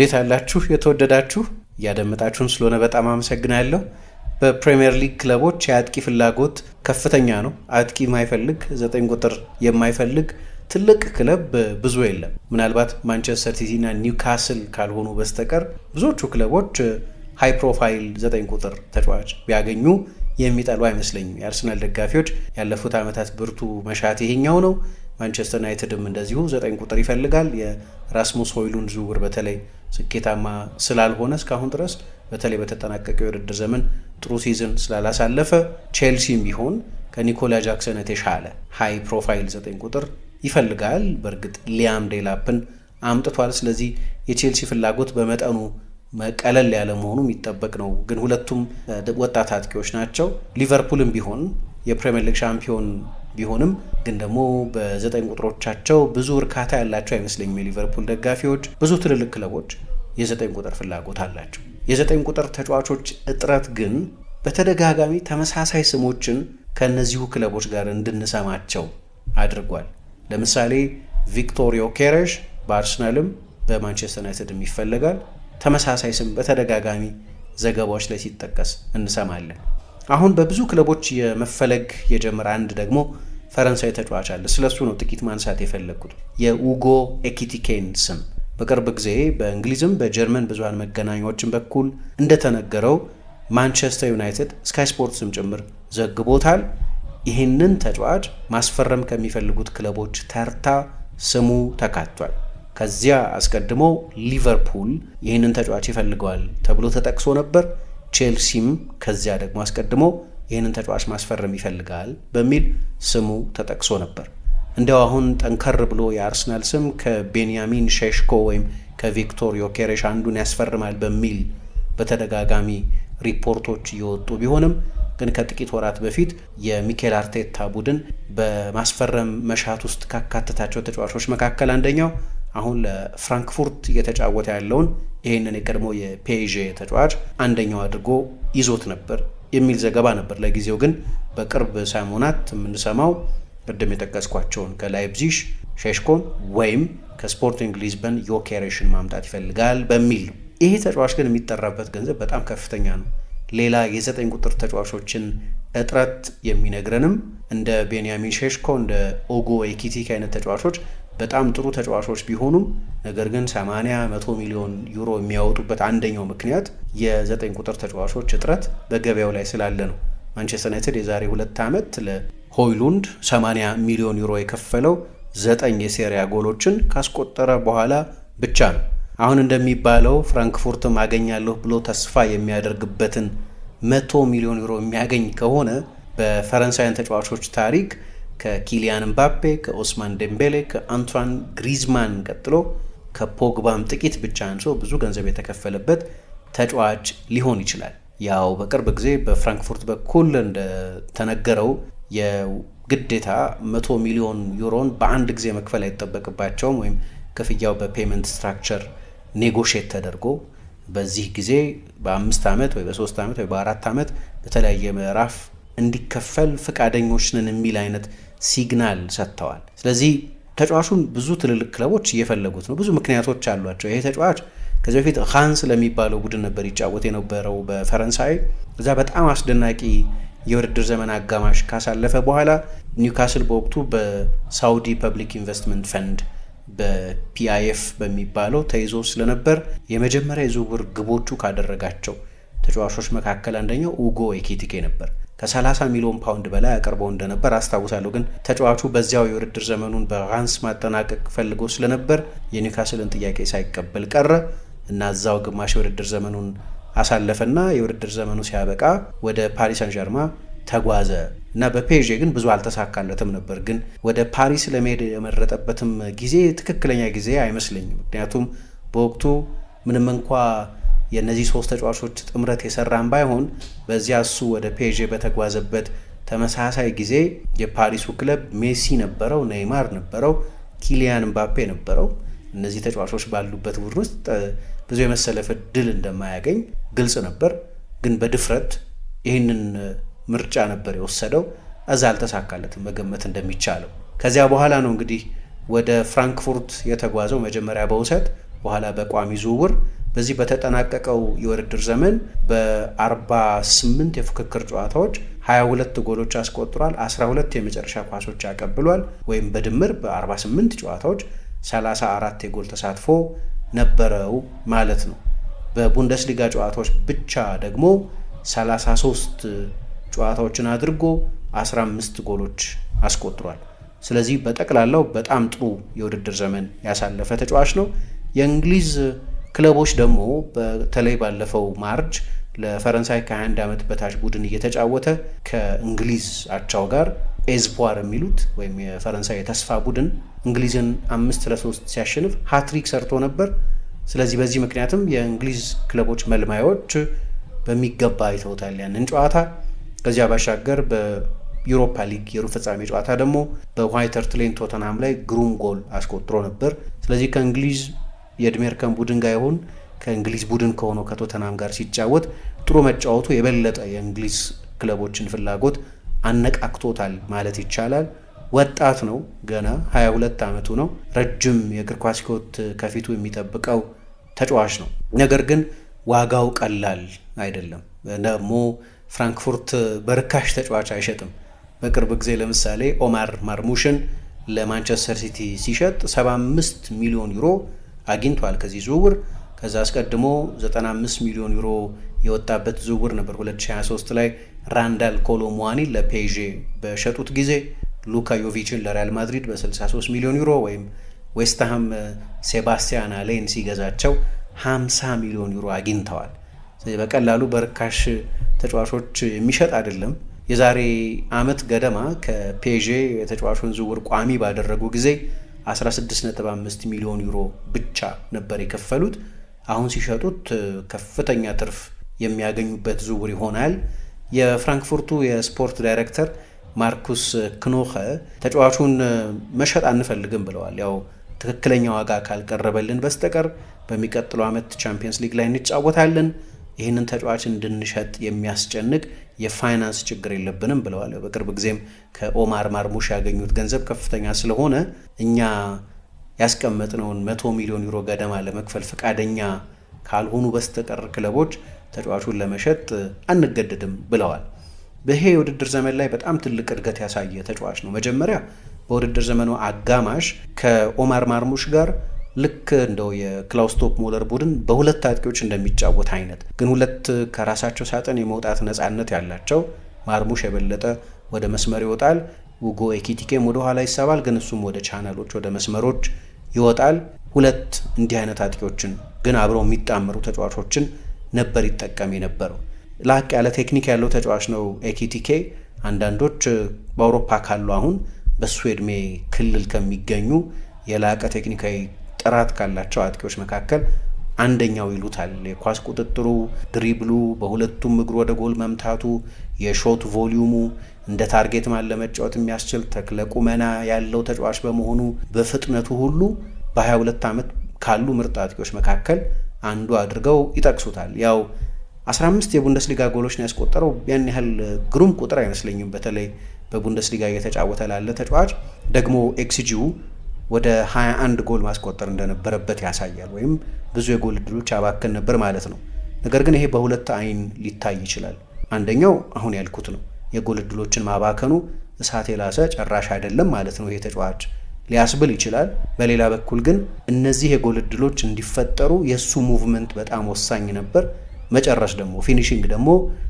እንዴት አላችሁ? የተወደዳችሁ እያደመጣችሁን ስለሆነ በጣም አመሰግናለሁ። በፕሪምየር ሊግ ክለቦች የአጥቂ ፍላጎት ከፍተኛ ነው። አጥቂ የማይፈልግ ዘጠኝ ቁጥር የማይፈልግ ትልቅ ክለብ ብዙ የለም። ምናልባት ማንቸስተር ሲቲና ኒውካስል ካልሆኑ በስተቀር ብዙዎቹ ክለቦች ሃይ ፕሮፋይል ዘጠኝ ቁጥር ተጫዋች ቢያገኙ የሚጠሉ አይመስለኝም። የአርሰናል ደጋፊዎች ያለፉት ዓመታት ብርቱ መሻት ይሄኛው ነው። ማንቸስተር ዩናይትድም እንደዚሁ ዘጠኝ ቁጥር ይፈልጋል። የራስሙስ ሆይሉንድ ዝውውር በተለይ ስኬታማ ስላልሆነ እስካሁን ድረስ በተለይ በተጠናቀቀ የውድድር ዘመን ጥሩ ሲዝን ስላላሳለፈ ቼልሲም ቢሆን ከኒኮላ ጃክሰን የተሻለ ሃይ ፕሮፋይል ዘጠኝ ቁጥር ይፈልጋል። በእርግጥ ሊያም ዴላፕን አምጥቷል። ስለዚህ የቼልሲ ፍላጎት በመጠኑ መቀለል ያለ መሆኑ የሚጠበቅ ነው። ግን ሁለቱም ወጣት አጥቂዎች ናቸው። ሊቨርፑልም ቢሆን የፕሪምየር ሊግ ሻምፒዮን ቢሆንም ግን ደግሞ በዘጠኝ ቁጥሮቻቸው ብዙ እርካታ ያላቸው አይመስለኝም። የሊቨርፑል ደጋፊዎች ብዙ ትልልቅ ክለቦች የዘጠኝ ቁጥር ፍላጎት አላቸው። የዘጠኝ ቁጥር ተጫዋቾች እጥረት ግን በተደጋጋሚ ተመሳሳይ ስሞችን ከእነዚሁ ክለቦች ጋር እንድንሰማቸው አድርጓል። ለምሳሌ ቪክቶሪዮ ኬረሽ በአርሰናልም በማንቸስተር ዩናይትድም ይፈለጋል። ተመሳሳይ ስም በተደጋጋሚ ዘገባዎች ላይ ሲጠቀስ እንሰማለን። አሁን በብዙ ክለቦች የመፈለግ የጀመረ አንድ ደግሞ ፈረንሳይ ተጫዋች አለ። ስለሱ ነው ጥቂት ማንሳት የፈለግኩት የኡጎ ኤኪቲኬን ስም በቅርብ ጊዜ በእንግሊዝም በጀርመን ብዙሃን መገናኛዎችን በኩል እንደተነገረው ማንቸስተር ዩናይትድ ስካይ ስፖርትስም ጭምር ዘግቦታል። ይህንን ተጫዋች ማስፈረም ከሚፈልጉት ክለቦች ተርታ ስሙ ተካቷል። ከዚያ አስቀድሞ ሊቨርፑል ይህንን ተጫዋች ይፈልገዋል ተብሎ ተጠቅሶ ነበር። ቼልሲም ከዚያ ደግሞ አስቀድሞ ይህንን ተጫዋች ማስፈረም ይፈልጋል በሚል ስሙ ተጠቅሶ ነበር። እንደው አሁን ጠንከር ብሎ የአርሰናል ስም ከቤንያሚን ሼሽኮ ወይም ከቪክቶር ዮኬሬሽ አንዱን ያስፈርማል በሚል በተደጋጋሚ ሪፖርቶች እየወጡ ቢሆንም ግን ከጥቂት ወራት በፊት የሚኬል አርቴታ ቡድን በማስፈረም መሻት ውስጥ ካካተታቸው ተጫዋቾች መካከል አንደኛው አሁን ለፍራንክፉርት እየተጫወተ ያለውን ይህንን የቀድሞ የፔዥ ተጫዋች አንደኛው አድርጎ ይዞት ነበር የሚል ዘገባ ነበር። ለጊዜው ግን በቅርብ ሳሙናት የምንሰማው ቅድም የጠቀስኳቸውን ከላይፕዚሽ ሸሽኮን ወይም ከስፖርቲንግ ሊዝበን ዮኬሬሽን ማምጣት ይፈልጋል በሚል ነው። ይሄ ተጫዋች ግን የሚጠራበት ገንዘብ በጣም ከፍተኛ ነው። ሌላ የዘጠኝ ቁጥር ተጫዋቾችን እጥረት የሚነግረንም እንደ ቤንያሚን ሼሽኮ እንደ ኦጎ ኤኪቲክ አይነት ተጫዋቾች በጣም ጥሩ ተጫዋቾች ቢሆኑም ነገር ግን 80 100 ሚሊዮን ዩሮ የሚያወጡበት አንደኛው ምክንያት የዘጠኝ ቁጥር ተጫዋቾች እጥረት በገበያው ላይ ስላለ ነው። ማንቸስተር ዩናይትድ የዛሬ ሁለት ዓመት ሆይሉንድ 80 ሚሊዮን ዩሮ የከፈለው ዘጠኝ የሴሪያ ጎሎችን ካስቆጠረ በኋላ ብቻ ነው። አሁን እንደሚባለው ፍራንክፉርት አገኛለሁ ብሎ ተስፋ የሚያደርግበትን መቶ ሚሊዮን ዩሮ የሚያገኝ ከሆነ በፈረንሳያን ተጫዋቾች ታሪክ ከኪሊያን ምባፔ፣ ከኦስማን ደምቤሌ፣ ከአንቷን ግሪዝማን ቀጥሎ ከፖግባም ጥቂት ብቻ አንሶ ብዙ ገንዘብ የተከፈለበት ተጫዋች ሊሆን ይችላል። ያው በቅርብ ጊዜ በፍራንክፉርት በኩል እንደተነገረው የግዴታ መቶ ሚሊዮን ዩሮን በአንድ ጊዜ መክፈል አይጠበቅባቸውም ወይም ክፍያው በፔመንት ስትራክቸር ኔጎሽት ተደርጎ በዚህ ጊዜ በአምስት ዓመት ወይ በሶስት ዓመት ወይ በአራት ዓመት በተለያየ ምዕራፍ እንዲከፈል ፈቃደኞች ነን የሚል አይነት ሲግናል ሰጥተዋል። ስለዚህ ተጫዋቹን ብዙ ትልልቅ ክለቦች እየፈለጉት ነው። ብዙ ምክንያቶች አሏቸው። ይሄ ተጫዋች ከዚህ በፊት ሃንስ ለሚባለው ቡድን ነበር ይጫወት የነበረው በፈረንሳይ። እዛ በጣም አስደናቂ የውድድር ዘመን አጋማሽ ካሳለፈ በኋላ ኒውካስል በወቅቱ በሳውዲ ፐብሊክ ኢንቨስትመንት ፈንድ በፒአይኤፍ በሚባለው ተይዞ ስለነበር የመጀመሪያ የዝውውር ግቦቹ ካደረጋቸው ተጫዋቾች መካከል አንደኛው ኡጎ ኤኪቲኬ ነበር። ከ30 ሚሊዮን ፓውንድ በላይ አቅርበው እንደነበር አስታውሳለሁ። ግን ተጫዋቹ በዚያው የውድድር ዘመኑን በራንስ ማጠናቀቅ ፈልጎ ስለነበር የኒውካስልን ጥያቄ ሳይቀበል ቀረ እና እዛው ግማሽ የውድድር ዘመኑን አሳለፈና የውድድር ዘመኑ ሲያበቃ ወደ ፓሪስ አንጀርማ ተጓዘ እና በፔዤ ግን ብዙ አልተሳካለትም ነበር። ግን ወደ ፓሪስ ለመሄድ የመረጠበትም ጊዜ ትክክለኛ ጊዜ አይመስለኝም። ምክንያቱም በወቅቱ ምንም እንኳ የእነዚህ ሶስት ተጫዋቾች ጥምረት የሰራም ባይሆን በዚያ እሱ ወደ ፔዤ በተጓዘበት ተመሳሳይ ጊዜ የፓሪሱ ክለብ ሜሲ ነበረው፣ ኔይማር ነበረው፣ ኪሊያን ምባፔ ነበረው። እነዚህ ተጫዋቾች ባሉበት ቡድን ውስጥ ብዙ የመሰለፍ እድል እንደማያገኝ ግልጽ ነበር። ግን በድፍረት ይህንን ምርጫ ነበር የወሰደው። እዛ አልተሳካለትም መገመት እንደሚቻለው። ከዚያ በኋላ ነው እንግዲህ ወደ ፍራንክፉርት የተጓዘው መጀመሪያ በውሰት በኋላ በቋሚ ዝውውር። በዚህ በተጠናቀቀው የውድድር ዘመን በ48 የፉክክር ጨዋታዎች 22 ጎሎች አስቆጥሯል። 12 የመጨረሻ ኳሶች ያቀብሏል። ወይም በድምር በ48 ጨዋታዎች 34 የጎል ተሳትፎ ነበረው ማለት ነው። በቡንደስሊጋ ጨዋታዎች ብቻ ደግሞ 33 ጨዋታዎችን አድርጎ 15 ጎሎች አስቆጥሯል። ስለዚህ በጠቅላላው በጣም ጥሩ የውድድር ዘመን ያሳለፈ ተጫዋች ነው። የእንግሊዝ ክለቦች ደግሞ በተለይ ባለፈው ማርች ለፈረንሳይ ከ21 ዓመት በታች ቡድን እየተጫወተ ከእንግሊዝ አቻው ጋር ኤዝፖር የሚሉት ወይም የፈረንሳይ የተስፋ ቡድን እንግሊዝን አምስት ለሶስት ሲያሸንፍ ሀትሪክ ሰርቶ ነበር። ስለዚህ በዚህ ምክንያትም የእንግሊዝ ክለቦች መልማዮች በሚገባ አይተውታል ያንን ጨዋታ። ከዚያ ባሻገር በዩሮፓ ሊግ የሩብ ፍጻሜ ጨዋታ ደግሞ በዋይተር ትሌን ቶተናም ላይ ግሩም ጎል አስቆጥሮ ነበር። ስለዚህ ከእንግሊዝ የዕድሜ እርከን ቡድን ጋር ይሆን ከእንግሊዝ ቡድን ከሆነው ከቶተናም ጋር ሲጫወት ጥሩ መጫወቱ የበለጠ የእንግሊዝ ክለቦችን ፍላጎት አነቃቅቶታል ማለት ይቻላል። ወጣት ነው፣ ገና 22 ዓመቱ ነው። ረጅም የእግር ኳስ ህይወት ከፊቱ የሚጠብቀው ተጫዋች ነው። ነገር ግን ዋጋው ቀላል አይደለም። ደግሞ ፍራንክፉርት በርካሽ ተጫዋች አይሸጥም። በቅርብ ጊዜ ለምሳሌ ኦማር ማርሙሽን ለማንቸስተር ሲቲ ሲሸጥ 75 ሚሊዮን ዩሮ አግኝቷል ከዚህ ዝውውር። ከዛ አስቀድሞ 95 ሚሊዮን ዩሮ የወጣበት ዝውውር ነበር 2023 ላይ ራንዳል ኮሎሙዋኒ ለፔዤ በሸጡት ጊዜ ሉካ ዮቪችን ለሪያል ማድሪድ በ63 ሚሊዮን ዩሮ ወይም ዌስትሃም ሴባስቲያን አሌን ሲገዛቸው 50 ሚሊዮን ዩሮ አግኝተዋል። በቀላሉ በርካሽ ተጫዋቾች የሚሸጥ አይደለም። የዛሬ ዓመት ገደማ ከፔዤ የተጫዋቹን ዝውውር ቋሚ ባደረጉ ጊዜ 16.5 ሚሊዮን ዩሮ ብቻ ነበር የከፈሉት። አሁን ሲሸጡት ከፍተኛ ትርፍ የሚያገኙበት ዝውውር ይሆናል። የፍራንክፉርቱ የስፖርት ዳይሬክተር ማርኩስ ክኖኸ ተጫዋቹን መሸጥ አንፈልግም ብለዋል። ያው ትክክለኛ ዋጋ ካልቀረበልን በስተቀር በሚቀጥለው ዓመት ቻምፒየንስ ሊግ ላይ እንጫወታለን። ይህንን ተጫዋች እንድንሸጥ የሚያስጨንቅ የፋይናንስ ችግር የለብንም ብለዋል። በቅርብ ጊዜም ከኦማር ማርሙሽ ያገኙት ገንዘብ ከፍተኛ ስለሆነ እኛ ያስቀመጥነውን መቶ ሚሊዮን ዩሮ ገደማ ለመክፈል ፈቃደኛ ካልሆኑ በስተቀር ክለቦች ተጫዋቹን ለመሸጥ አንገደድም ብለዋል። በሄ የውድድር ዘመን ላይ በጣም ትልቅ እድገት ያሳየ ተጫዋች ነው። መጀመሪያ በውድድር ዘመኑ አጋማሽ ከኦማር ማርሙሽ ጋር ልክ እንደው የክላውስቶፕ ሞለር ቡድን በሁለት አጥቂዎች እንደሚጫወት አይነት ግን ሁለት ከራሳቸው ሳጥን የመውጣት ነፃነት ያላቸው ማርሙሽ የበለጠ ወደ መስመር ይወጣል። ውጎ ኤኪቲኬም ወደ ኋላ ግን እሱም ወደ ቻናሎች ወደ መስመሮች ይወጣል። ሁለት እንዲህ አይነት አጥቂዎችን ግን አብረው የሚጣመሩ ተጫዋቾችን ነበር ይጠቀም የነበረው። ላቅ ያለ ቴክኒክ ያለው ተጫዋች ነው ኤኪቲኬ። አንዳንዶች በአውሮፓ ካሉ አሁን በሱ ዕድሜ ክልል ከሚገኙ የላቀ ቴክኒካዊ ጥራት ካላቸው አጥቂዎች መካከል አንደኛው ይሉታል። የኳስ ቁጥጥሩ፣ ድሪብሉ፣ በሁለቱም እግሩ ወደ ጎል መምታቱ፣ የሾት ቮሊዩሙ እንደ ታርጌት ማን ለመጫወት የሚያስችል ተክለ ቁመና ያለው ተጫዋች በመሆኑ በፍጥነቱ ሁሉ በ22 ዓመት ካሉ ምርጥ አጥቂዎች መካከል አንዱ አድርገው ይጠቅሱታል። ያው 15 የቡንደስሊጋ ጎሎችን ያስቆጠረው ያን ያህል ግሩም ቁጥር አይመስለኝም። በተለይ በቡንደስሊጋ እየተጫወተ ላለ ተጫዋች ደግሞ ኤክስጂው ወደ 21 ጎል ማስቆጠር እንደነበረበት ያሳያል። ወይም ብዙ የጎል እድሎች አባክን ነበር ማለት ነው። ነገር ግን ይሄ በሁለት አይን ሊታይ ይችላል። አንደኛው አሁን ያልኩት ነው፣ የጎል እድሎችን ማባከኑ እሳት የላሰ ጨራሽ አይደለም ማለት ነው ይሄ ተጫዋች ሊያስብል ይችላል። በሌላ በኩል ግን እነዚህ የጎል እድሎች እንዲፈጠሩ የእሱ ሙቭመንት በጣም ወሳኝ ነበር። መጨረስ ደግሞ ፊኒሽንግ ደግሞ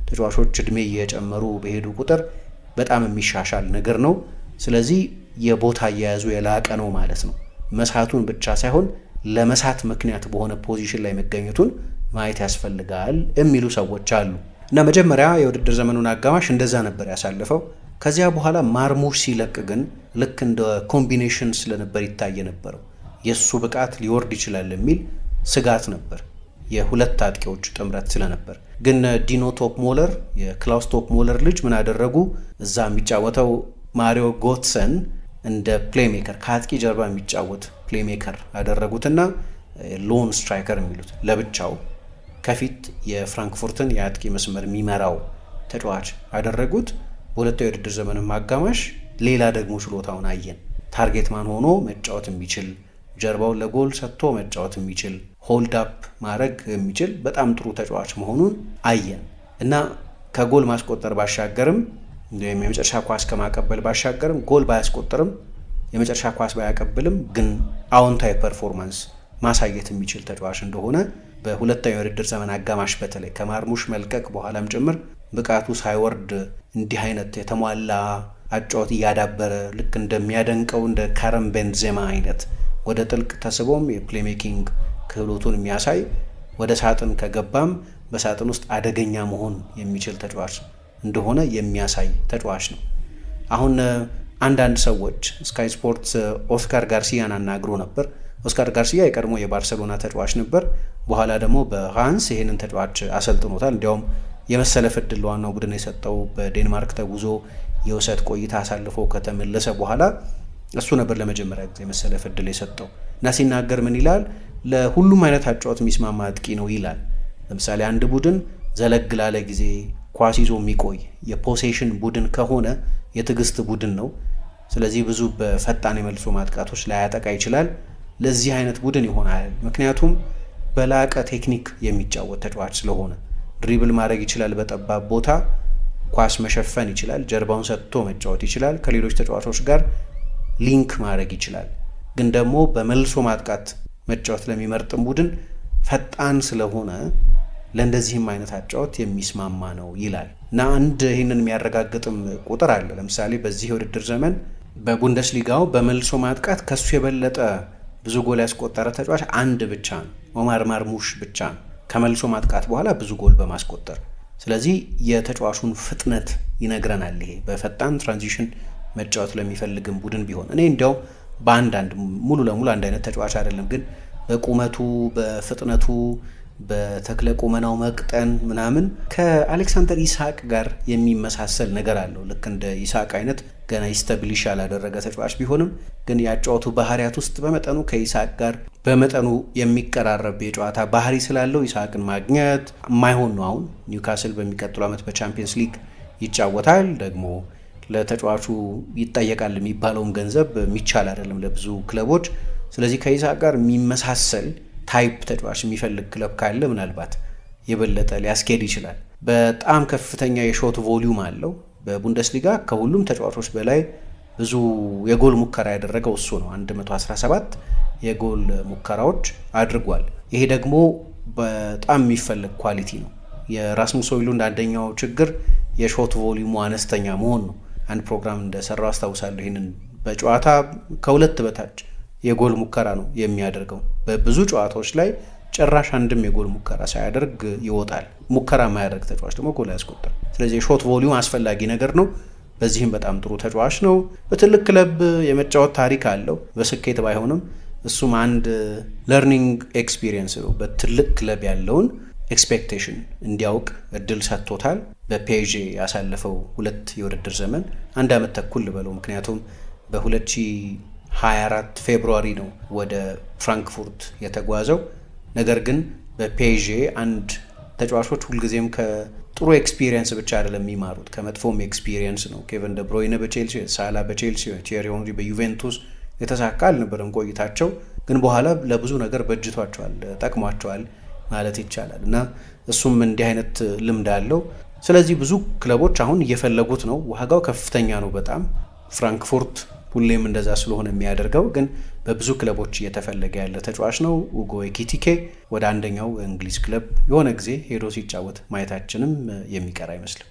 ተጫዋቾች እድሜ እየጨመሩ በሄዱ ቁጥር በጣም የሚሻሻል ነገር ነው። ስለዚህ የቦታ አያያዙ የላቀ ነው ማለት ነው። መሳቱን ብቻ ሳይሆን ለመሳት ምክንያት በሆነ ፖዚሽን ላይ መገኘቱን ማየት ያስፈልጋል የሚሉ ሰዎች አሉ እና መጀመሪያ የውድድር ዘመኑን አጋማሽ እንደዛ ነበር ያሳልፈው። ከዚያ በኋላ ማርሙሽ ሲለቅ ግን ልክ እንደ ኮምቢኔሽን ስለነበር ይታይ ነበረው የእሱ ብቃት ሊወርድ ይችላል የሚል ስጋት ነበር። የሁለት አጥቂዎቹ ጥምረት ስለነበር ግን ዲኖ ቶፕ ሞለር የክላውስ ቶፕ ሞለር ልጅ ምን አደረጉ? እዛ የሚጫወተው ማሪዮ ጎትሰን እንደ ፕሌሜከር ከአጥቂ ጀርባ የሚጫወት ፕሌሜከር አደረጉትና ሎን ስትራይከር የሚሉት ለብቻው ከፊት የፍራንክፉርትን የአጥቂ መስመር የሚመራው ተጫዋች አደረጉት። በሁለተኛው የውድድር ዘመንም አጋማሽ ሌላ ደግሞ ችሎታውን አየን። ታርጌት ማን ሆኖ መጫወት የሚችል ጀርባውን ለጎል ሰጥቶ መጫወት የሚችል ሆልድ አፕ ማድረግ የሚችል በጣም ጥሩ ተጫዋች መሆኑን አየን እና ከጎል ማስቆጠር ባሻገርም ወይም የመጨረሻ ኳስ ከማቀበል ባሻገርም ጎል ባያስቆጠርም የመጨረሻ ኳስ ባያቀብልም ግን አዎንታዊ ፐርፎርማንስ ማሳየት የሚችል ተጫዋች እንደሆነ በሁለተኛ የውድድር ዘመን አጋማሽ በተለይ ከማርሙሽ መልቀቅ በኋላም ጭምር ብቃቱ ሳይወርድ እንዲህ አይነት የተሟላ አጫወት እያዳበረ ልክ እንደሚያደንቀው እንደ ካረም ቤንዜማ አይነት ወደ ጥልቅ ተስቦም የፕሌሜኪንግ ክህሎቱን የሚያሳይ ወደ ሳጥን ከገባም በሳጥን ውስጥ አደገኛ መሆን የሚችል ተጫዋች እንደሆነ የሚያሳይ ተጫዋች ነው። አሁን አንዳንድ ሰዎች ስካይ ስፖርት ኦስካር ጋርሲያን አናግሮ ነበር። ኦስካር ጋርሲያ የቀድሞ የባርሰሎና ተጫዋች ነበር። በኋላ ደግሞ በሃንስ ይህንን ተጫዋች አሰልጥኖታል። እንዲያውም የመሰለፍ እድል ለዋናው ቡድን የሰጠው በዴንማርክ ተጉዞ የውሰት ቆይታ አሳልፎ ከተመለሰ በኋላ እሱ ነበር ለመጀመሪያ ጊዜ የመሰለፍ እድል የሰጠው እና ሲናገር ምን ይላል? ለሁሉም አይነት አጫወት የሚስማማ አጥቂ ነው ይላል። ለምሳሌ አንድ ቡድን ዘለግ ላለ ጊዜ ኳስ ይዞ የሚቆይ የፖሴሽን ቡድን ከሆነ የትዕግስት ቡድን ነው። ስለዚህ ብዙ በፈጣን የመልሶ ማጥቃቶች ላያጠቃ ይችላል። ለዚህ አይነት ቡድን ይሆናል። ምክንያቱም በላቀ ቴክኒክ የሚጫወት ተጫዋች ስለሆነ ድሪብል ማድረግ ይችላል፣ በጠባብ ቦታ ኳስ መሸፈን ይችላል፣ ጀርባውን ሰጥቶ መጫወት ይችላል፣ ከሌሎች ተጫዋቾች ጋር ሊንክ ማድረግ ይችላል። ግን ደግሞ በመልሶ ማጥቃት መጫወት ለሚመርጥም ቡድን ፈጣን ስለሆነ ለእንደዚህም አይነት አጫወት የሚስማማ ነው ይላል እና አንድ ይህንን የሚያረጋግጥም ቁጥር አለ። ለምሳሌ በዚህ የውድድር ዘመን በቡንደስሊጋው በመልሶ ማጥቃት ከሱ የበለጠ ብዙ ጎል ያስቆጠረ ተጫዋች አንድ ብቻ ነው፣ ኦማር ማርሙሽ ብቻ ነው ከመልሶ ማጥቃት በኋላ ብዙ ጎል በማስቆጠር። ስለዚህ የተጫዋቹን ፍጥነት ይነግረናል። ይሄ በፈጣን ትራንዚሽን መጫወት ለሚፈልግም ቡድን ቢሆን እኔ እንዲያው በአንዳንድ ሙሉ ለሙሉ አንድ አይነት ተጫዋች አይደለም፣ ግን በቁመቱ በፍጥነቱ በተክለ ቁመናው መቅጠን ምናምን ከአሌክሳንደር ኢሳቅ ጋር የሚመሳሰል ነገር አለው። ልክ እንደ ኢሳቅ አይነት ገና ኢስተብሊሽ ያላደረገ ተጫዋች ቢሆንም ግን ያጫወቱ ባህሪያት ውስጥ በመጠኑ ከኢሳቅ ጋር በመጠኑ የሚቀራረብ የጨዋታ ባህሪ ስላለው ኢሳቅን ማግኘት የማይሆን ነው። አሁን ኒውካስል በሚቀጥሉ ዓመት በቻምፒየንስ ሊግ ይጫወታል። ደግሞ ለተጫዋቹ ይጠየቃል የሚባለውም ገንዘብ የሚቻል አይደለም ለብዙ ክለቦች። ስለዚህ ከኢሳቅ ጋር የሚመሳሰል ታይፕ ተጫዋች የሚፈልግ ክለብ ካለ ምናልባት የበለጠ ሊያስኬድ ይችላል። በጣም ከፍተኛ የሾት ቮሊዩም አለው። በቡንደስሊጋ ከሁሉም ተጫዋቾች በላይ ብዙ የጎል ሙከራ ያደረገው እሱ ነው። 117 የጎል ሙከራዎች አድርጓል። ይሄ ደግሞ በጣም የሚፈልግ ኳሊቲ ነው። የራስሙስ ሆይሉንድ አንደኛው ችግር የሾት ቮሊዩሙ አነስተኛ መሆን ነው። አንድ ፕሮግራም እንደሰራው አስታውሳለሁ። ይህንን በጨዋታ ከሁለት በታች የጎል ሙከራ ነው የሚያደርገው። በብዙ ጨዋታዎች ላይ ጭራሽ አንድም የጎል ሙከራ ሳያደርግ ይወጣል። ሙከራ ማያደርግ ተጫዋች ደግሞ ጎል አያስቆጠር። ስለዚህ የሾት ቮሊዩም አስፈላጊ ነገር ነው። በዚህም በጣም ጥሩ ተጫዋች ነው። በትልቅ ክለብ የመጫወት ታሪክ አለው። በስኬት ባይሆንም እሱም አንድ ለርኒንግ ኤክስፒሪየንስ ነው። በትልቅ ክለብ ያለውን ኤክስፔክቴሽን እንዲያውቅ እድል ሰጥቶታል። በፔዤ ያሳለፈው ሁለት የውድድር ዘመን አንድ ዓመት ተኩል ልበለው ምክንያቱም በ 24 ፌብሩዋሪ ነው ወደ ፍራንክፉርት የተጓዘው። ነገር ግን በፔዤ አንድ ተጫዋቾች ሁልጊዜም ከጥሩ ኤክስፒሪየንስ ብቻ አይደለም የሚማሩት ከመጥፎም ኤክስፒሪየንስ ነው። ኬቨን ደብሮይነ በቼልሲ ሳላ በቼልሲ ቲየሪ ሄንሪ በዩቬንቱስ የተሳካ አልነበረም ቆይታቸው፣ ግን በኋላ ለብዙ ነገር በጅቷቸዋል፣ ጠቅሟቸዋል ማለት ይቻላል እና እሱም እንዲህ አይነት ልምድ አለው። ስለዚህ ብዙ ክለቦች አሁን እየፈለጉት ነው። ዋጋው ከፍተኛ ነው በጣም ፍራንክፉርት ሁሌም እንደዛ ስለሆነ የሚያደርገው ግን በብዙ ክለቦች እየተፈለገ ያለ ተጫዋች ነው። ኡጎ ኤኪቲኬ ወደ አንደኛው እንግሊዝ ክለብ የሆነ ጊዜ ሄዶ ሲጫወት ማየታችንም የሚቀር አይመስልም።